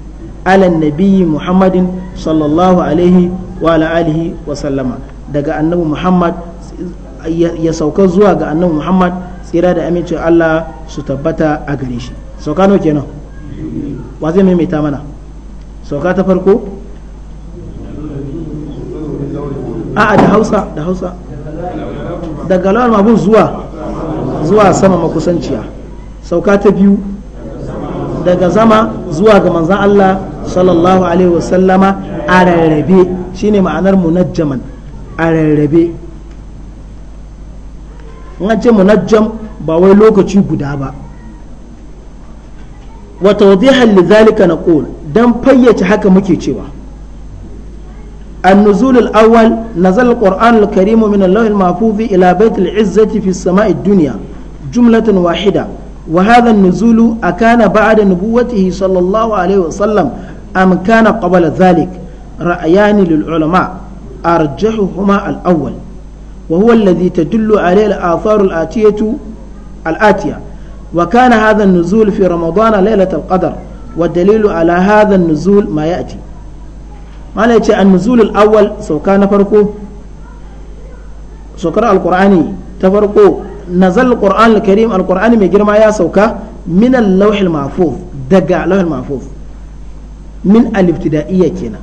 A: على النبي محمد صلى الله عليه وعلى آله وسلم wa أنه محمد ya sauka zuwa ga annabi muhammad tsira da amincin allah su tabbata a gare shi sauka kenan wa zai maimaita mana sauka ta farko a'a da hausa da hausa daga lawal mabun zuwa zuwa sama makusanciya sauka ta biyu daga zama zuwa ga manzan Allah sallallahu alaihi wasallama a rarrabe shine ma'anar munajjaman a rarrabe in ce munajjam ba wai lokaci guda ba wa tawdihan lidhalika naqul dan fayyace haka muke cewa النزول الأول نزل القرآن الكريم من الله المحفوظ إلى بيت العزة في السماء الدنيا جملة واحدة وهذا النزول أكان بعد نبوته صلى الله عليه وسلم أم كان قبل ذلك رأيان للعلماء أرجحهما الأول وهو الذي تدل عليه الآثار الآتية الآتية وكان هذا النزول في رمضان ليلة القدر والدليل على هذا النزول ما يأتي ما يأتي النزول الأول سو كان فرقه سكر القرآن تفرقه نزل القرآن الكريم القرآن من جرما يا سوكا من اللوح المحفوظ دقع اللوح المحفوظ من الابتدائية كنا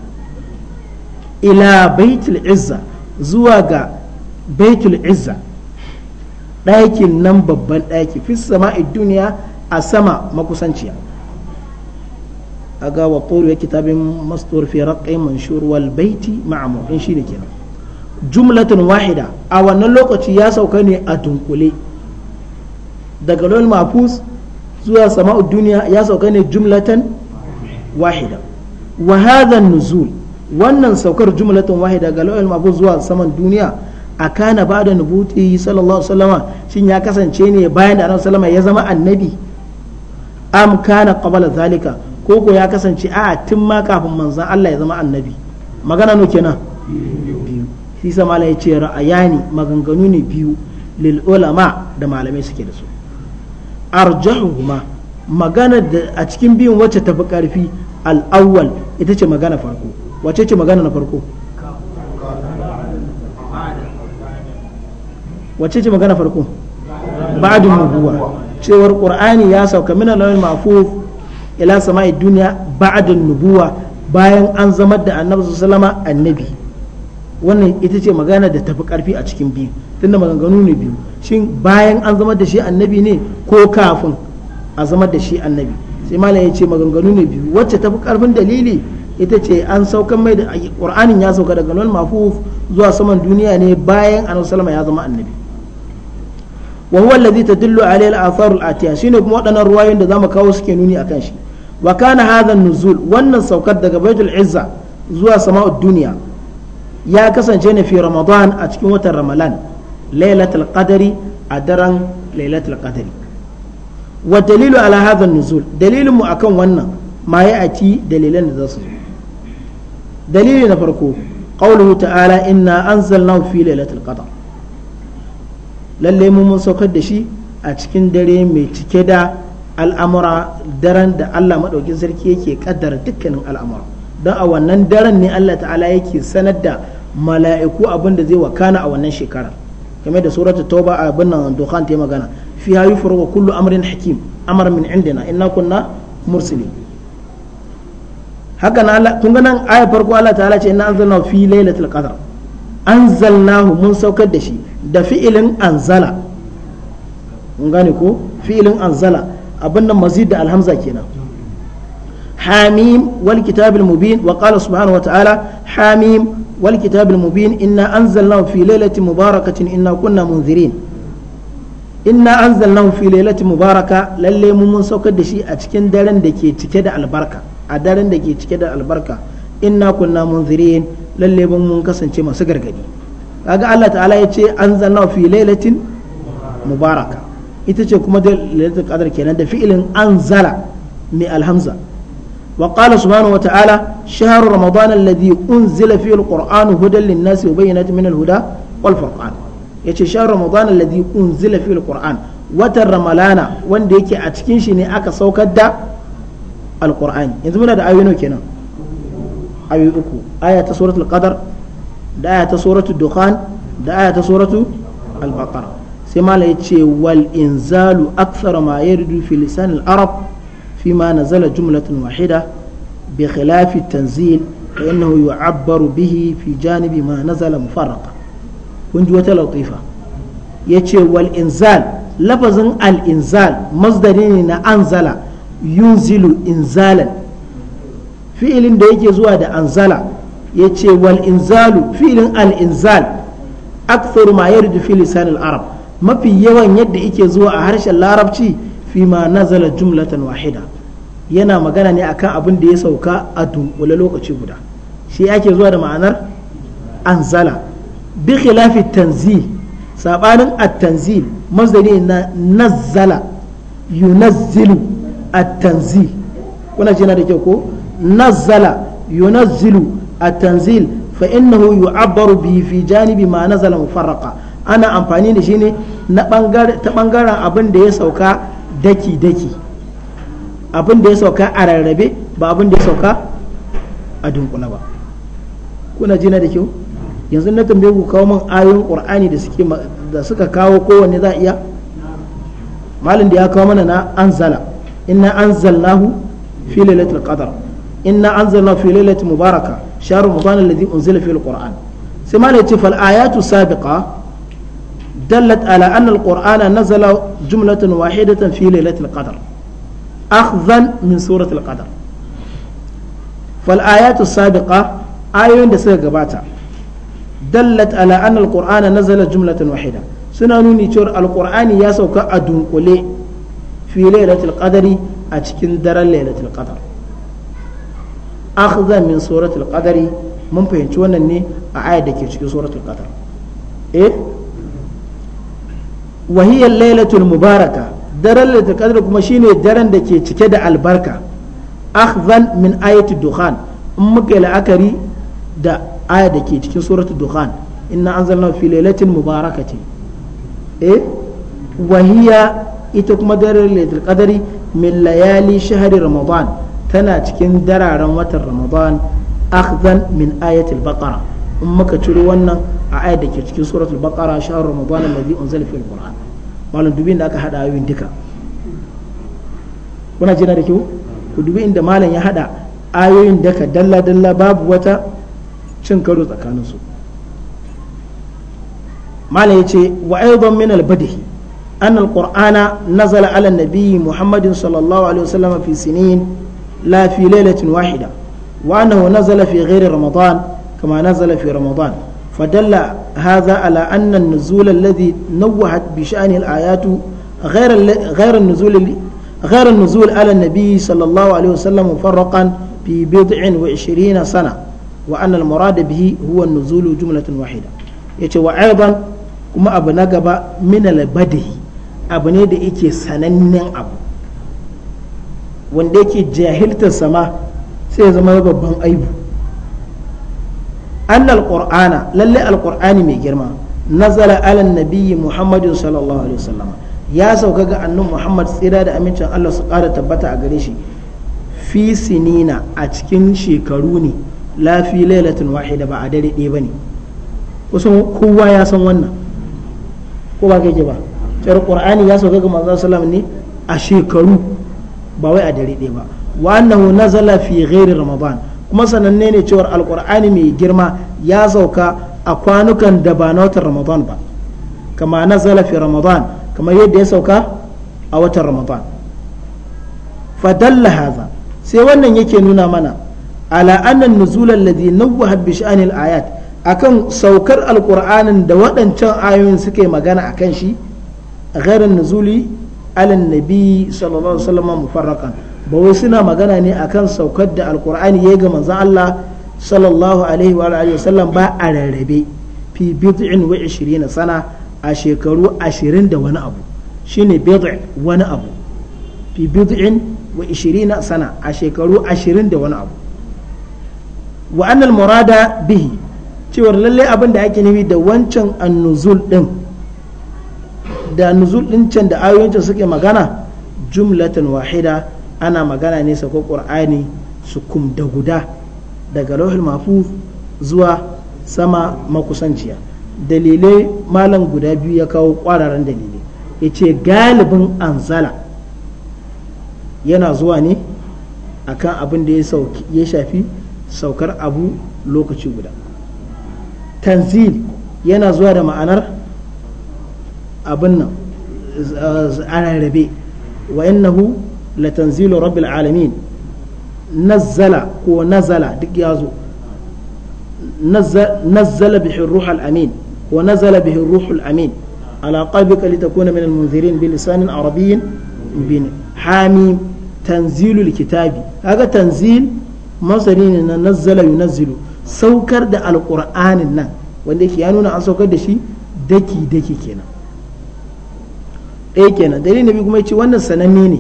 A: إلى بيت العزة زواج بيت العزة ɗakin nan babban ɗaki fi sama'i duniya a sama makusanciya aga wa qawlu ya kitabin mastur fi raqqin manshur wal baiti ma'mur in shine kenan jumlatun wahida a wannan lokaci ya sauka ne a dunkule daga lol mafus zuwa sama'u duniya ya sauka ne jumlatan wahida wa hadha nuzul wannan saukar jumlatan wahida ga lol mafus zuwa saman duniya a kana ba da nubuti sallallahu alaihi wasallama shin ya kasance ne bayan da annabi sallama ya zama annabi am kana qabala zalika ko ko ya kasance a tun ma kafin manzon Allah ya zama annabi magana no kenan biyu shi sama ya ce ra'ayani maganganu ne biyu lil ulama da malamai suke da su arjahuma magana da a cikin biyun wacce tafi karfi al-awwal ita ce magana farko wacce ce magana na farko wacce ce magana farko ba'dun nubuwa cewar qur'ani ya sauka min al-lawhil ila sama'i dunya ba'dun nubuwa bayan an zama da annabi sallama annabi wannan ita ce magana da tafi karfi a cikin biyu tunda maganganu ne biyu shin bayan an zama da shi annabi ne ko kafin a zama da shi annabi sai malam ya ce maganganu ne biyu wacce tafi karfin dalili ita ce an saukan mai da qur'anin ya sauka daga nan mafuf zuwa saman duniya ne bayan annabi sallama ya zama annabi wa huwa alladhi tadullu alayhi al-athar al-atiya shine kuma waɗannan ruwayoyin da zamu kawo suke nuni akan shi wa kana hadha nuzul wannan saukar daga baitul izza zuwa sama'ud duniya ya kasance ne fi ramadan a cikin watan ramadan lailatul qadari a daren lailatul qadari wa dalilu ala hadha nuzul dalilin mu akan wannan ma ya ati dalilan da zasu dalili na farko qawluhu ta'ala inna anzalnahu fi lailatul qadar lalle mu mun saukar da shi a cikin dare mai cike da al'amura daren da Allah maɗaukin sarki yake kaddara dukkanin al'amura don a wannan daren ne Allah ta'ala yake sanar da mala'iku abin da zai wakana a wannan shekara game da suratul tauba a binnan dukhan ta magana fi hayu wa kullu amrin hakim amar min indina inna kunna mursalin haka na kun ga nan ayar farko Allah ta'ala ce inna anzalna fi lailatul qadr anzalnahu mun saukar da shi da fi'ilin anzala mun gane ko fi'ilin anzala abin nan mazid da alhamza kenan hamim wal kitabil mubin wa qala subhanahu wa ta'ala hamim wal kitabil mubin inna anzalnahu fi lailatin mubarakatin inna kunna munzirin inna anzalnahu fi lailatin mubaraka lalle mun mun saukar da shi a cikin daren da ke cike da albarka a daren da ke cike da albarka inna kunna munzirin lalle ban mun kasance masu gargadi kaga Allah ta'ala ya ce an zanna fi lailatin mubaraka ita ce kuma lailatul qadar kenan da fi'ilin anzala mai alhamza wa qala subhanahu wa ta'ala shahru ramadan alladhi unzila fihi alquran hudan lin-nasi wa bayyinatin min al-huda wal furqan yace shahru ramadan alladhi unzila fihi alquran watan ramalana wanda yake a cikin shi ne aka saukar da alqur'ani yanzu muna da ayoyi kenan ayoyi uku aya ta suratul qadar da aya ta suratul dukhan da aya ta suratul al-baqara sai mala yace wal inzalu akthara ma yardu fi lisan al-arab fi ma nazala jumlatun wahida bi khilafi tanzil fa innahu yu'abbaru bihi fi janibi ma nazala mufarraqa kun ji wata latifa yace wal inzal lafazin al inzal masdari ne na anzala yunzilu inzalan fi'ilin da yake zuwa da anzala ya ce wal inzalu fi'ilin al inzal akthar ma yarju fi lisan al arab mafi yawan yadda yake zuwa a harshen larabci fi ma nazala jumlatan wahida yana magana ne akan abin da ya sauka a dunkule lokaci guda shi ake zuwa da ma'anar anzala bi khilafi tanzil sabanin at-tanzil mazdari na nazzala yunazzilu at-tanzil kuna jina da kyau ko نزل ينزل التنزيل فإنه يعبر به في جانب ما نزل مفرقا أنا أمباني شيني تبنغر أبن دي سوكا دكي دكي أبن دي سوكا أراربي بأبن دي سوكا أدون قلبا kuna jina da kyau yanzu na tambaye ku kawo min ayoyin qur'ani da suke da kawo kowanne za iya malin da ya kawo mana na anzala inna anzalnahu fi lailatul qadr inna anzalna fi lailatin mubaraka shahru ramadan alladhi unzila fihi alquran sai ma yace fal ayatu sabiqa dallat ala anna alqur'ana nazala jumlatan wahidatan fi lailatul qadr akhzan min suratul qadr fal ayatu sabiqa ayoyin da suka gabata dallat ala anna alqur'ana nazala jumlatan wahida suna nuni cewa alqur'ani ya sauka a dunkule fi lailatul qadri a cikin daren lailatul qadr akhza min suratul qadari mun fahimci wannan ne a ayar da ke cikin suratul qadar eh wa hiya lailatul mubaraka daren lailatul qadar kuma shine daren da ke cike da albarka akhzan min ayatul dukhan in muka la'akari da ayar da ke cikin suratul dukhan inna anzalna fi lailatin mubarakatin eh wa hiya ita kuma daren lailatul qadari min layali shahri ramadan tana cikin dararen watan ramadan akhdan min ayatul baqara in muka ciro wannan a ayat da ke cikin suratul baqara shahr ramadan alladhi unzila fil qur'an malam dubin da aka hada ayoyin duka kuna jina da kyau ku dubi inda malam ya hada ayoyin daka dalla dalla babu wata cin karo tsakanin su malam yace wa aidan min al-badihi an al-qur'ana nazala ala nabi muhammadin sallallahu alaihi wasallam fi sinin la fi lailatin wahida wa annahu nazala fi ramadan kama nazala fi ramadan fadalla hadha ala anna an-nuzul alladhi nawwahat bi sha'ni al-ayat ala an-nabi sallallahu alayhi wa sallam mufarraqan fi bid'in wa 20 sana wa murada al-murad bihi huwa an-nuzul jumlatan wahida yace wa aidan kuma abu na gaba min al-badi abu ne da yake sanannen abu wanda yake jahiltar sama sai ya zama babban aibu annal qur'ana lalle alqur'ani mai girma nazala ala nabiyyi muhammadin sallallahu alaihi wasallam ya sauka ga annabi muhammad tsira da amincin Allah su kara tabbata a gare shi fi sinina a cikin shekaru ne la fi lailatin wahida ba a dare ɗaya bane kusan kowa ya san wannan ko ba kai ke ba tsar qur'ani ya sauka ga manzon sallallahu alaihi wasallam ne a shekaru ba wai a dare ɗaya ba wa na nazala fi ghairi ramadan kuma sananne ne cewar alqur'ani mai girma ya sauka a kwanukan da ba na watan ramadan ba kama nazala fi ramadan kama yadda ya sauka a watan ramadan fadalla haza sai wannan yake nuna mana ala annan nuzulan ladhi nawwaha bi sha'anil ayat akan saukar alqur'anin da waɗancan ayoyin suke magana akan shi gairin nuzuli alan nabi sallallahu alaihi wasallam mufarrakan ba wai suna magana ne akan saukar da alqur'ani ya ga manzon Allah sallallahu alaihi wa alihi wasallam ba a rarrabe fi bid'in wa 20 sana a shekaru 20 da wani abu shine bid'in wani abu fi bid'in wa 20 sana a shekaru 20 da wani abu wa annal murada bihi cewar lalle abin da ake nufi da wancan annuzul din da nuzul din can da ayoyin suke magana jumlatan wahida ana magana ne sako qur'ani su kum da guda daga lauhul mafu zuwa sama makusanciya dalilai malam guda biyu ya kawo kwararan dalilai ya ce galibin anzala yana zuwa ne akan abin da ya shafi saukar abu lokaci guda tanzil yana zuwa da ma'anar abin nan ana rabe wa innahu latanzilu rabbil alamin nazzala ko nazala duk yazo nazzala bihi ruhul amin wa nazala bihi ruhul amin ala qalbika litakuna min almunzirin bi lisanin arabiyyin mubin hamim tanzilul kitabi kaga tanzil masari ne na nazzala yunazzilu saukar da alqur'anin nan wanda yake ya nuna an saukar da shi daki daki kenan ɗaya kenan dalilin nabi kuma ce wannan sananne ne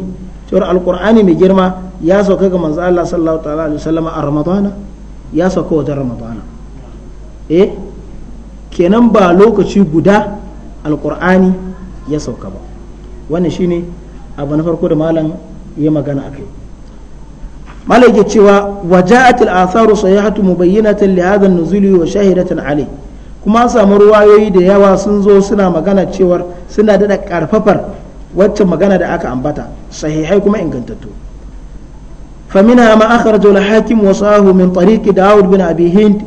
A: cewar alkur'ani mai girma ya sauka ga manzo Allah sallallahu ta'ala alaihi wasallama a ramadana ya sauka wajen ramadana eh kenan ba lokaci guda alkur'ani ya sauka ba wannan shine abu na farko da malam ya magana akai malam yake cewa waja'atil atharu sayhatu mubayyinatan li hadha an-nuzuli wa shahidatan alayhi kuma an samu ruwayoyi da yawa sun zo suna magana cewar suna daɗa karfafar wacce magana da aka ambata sahihai kuma ingantattu famina ma akhrajo al-hakim wa sahu min tariqi daud bin abi hind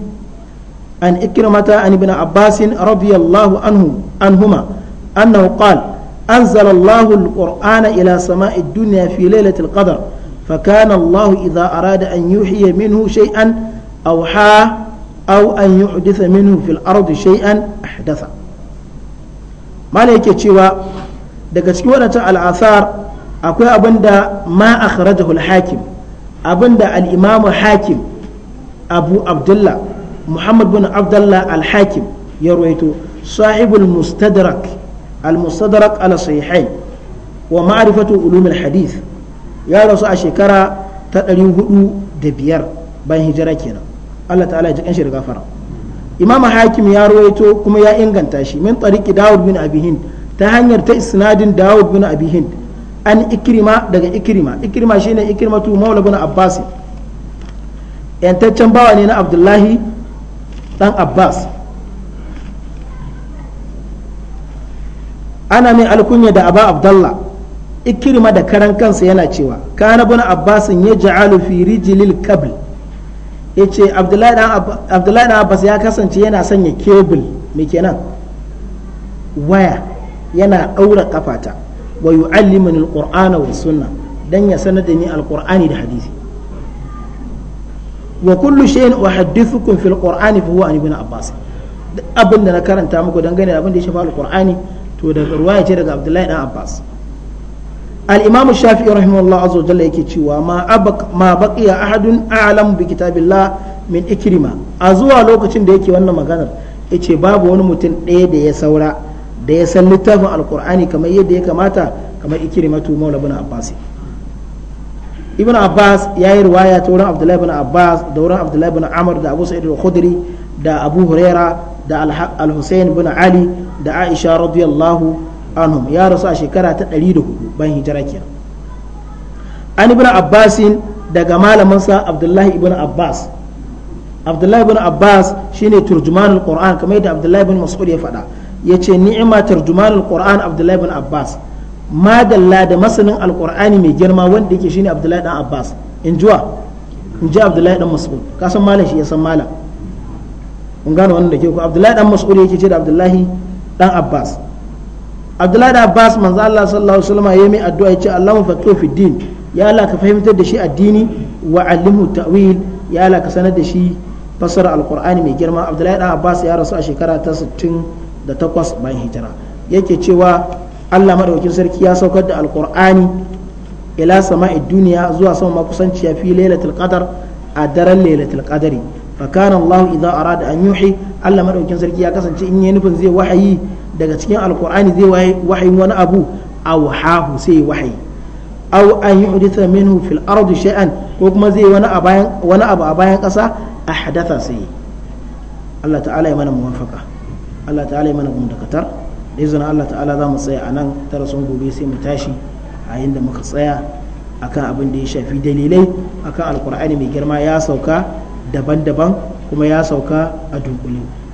A: an ikrimata an ibn abbas radiyallahu anhu anhuma annahu qala أنزل الله القرآن إلى سماء الدنيا في ليلة القدر فكان الله إذا أراد أن يوحي منه شيئا أوحاه aw an yuhdisa minhu fil ardi shay'an ahdasa mala yake cewa daga cikin waɗancan al'asar akwai abinda ma akhrajahu al-hakim abinda al-imam hakim abu abdullah muhammad bin abdullah al-hakim ya ruwaito sahibul mustadrak al-mustadrak ala sahihain wa ma'rifatu ulum al-hadith ya rasu a shekara ta 405 ban hijira kenan Allah ta'ala ya ji kanshi da gafara imam hakim ya ruwaito kuma ya inganta shi min tariki dawud bin abi hind ta hanyar ta isnadin dawud bin abi hind an ikrima daga ikrima ikrima shine ikrimatu maula bin abbas yantaccen bawa ne na abdullahi dan abbas ana mai alkunya da aba abdallah ikirma da karan kansa yana cewa kana bin abbasin ya ja'alu fi rijlil qabl ya ce abdullahi dan abbas ya kasance yana sanya kebul mai kenan waya yana ɗaura kafata wa yu'allimani alqur'ana wa sunna dan ya sanar da ni alqur'ani da hadisi wa kullu shay'in uhaddithukum fil qur'ani fa huwa an ibn abbas abin da na karanta muku dangane da abin da ya shafa alqur'ani to daga ruwaya ce daga abdullahi dan abbas al-imam shafi'i rahimahullah azza jalla yake cewa ma abak ma baqiya ahadun a'lam bi kitabillah min ikirima a zuwa lokacin da yake wannan maganar yace babu wani mutum ɗaya da ya saura da ya san littafin alkur'ani kamar yadda ya kamata kamar ikrimatu maula bin abbas ibn abbas ya yi riwaya ta wurin abdullahi bin abbas da wurin abdullahi bin amr da abu sa'id al-khudri da abu huraira da al-husayn bin ali da aisha radiyallahu anhum ya rasu a shekara ta 104 bayan hijira kenan an ibn abbasin daga malamin sa abdullahi ibn abbas abdullahi ibn abbas shine turjumanul qur'an kamar yadda abdullahi ibn mas'ud ya faɗa yace ni'ima turjumanul qur'an abdullahi ibn abbas dalla da masanin alqur'ani mai girma wanda yake shine abdullahi dan abbas in juwa in ji abdullahi dan mas'ud ka san malam shi ya san malam kun gane wannan da ke ku abdullahi dan mas'ud yake ce da abdullahi dan abbas abdullahi da abbas manzo allah sallallahu alaihi wasallam yayi mai addu'a yace allahumma faqihu fi din ya allah ka fahimtar da shi addini wa allimhu ta'wil ya allah ka sanar da shi fasara alqur'ani mai girma abdullahi da abbas ya rasu a shekara ta 68 bayan hijira yake cewa allah madaukakin sarki ya saukar da alqur'ani ila sama'i duniya zuwa sama ya fi lailatul qadar a daren lailatul qadari fa kana allah idza arada an yuhi allah madaukakin sarki ya kasance in yayi nufin zai wahayi daga cikin alkur'ani zai wahayin wani abu aw hahu sai wahayi aw an yuhditha minhu fil ardi shay'an ko kuma zai wani a bayan wani abu a bayan kasa ahdatha sai Allah ta'ala ya mana muwafaqa Allah ta'ala ya mana mudakatar da izinin Allah ta'ala za mu tsaya a nan sun gobe sai mu tashi a yadda muka tsaya akan abin da ya shafi dalilai akan alkur'ani mai girma ya sauka daban-daban kuma ya sauka a dunkule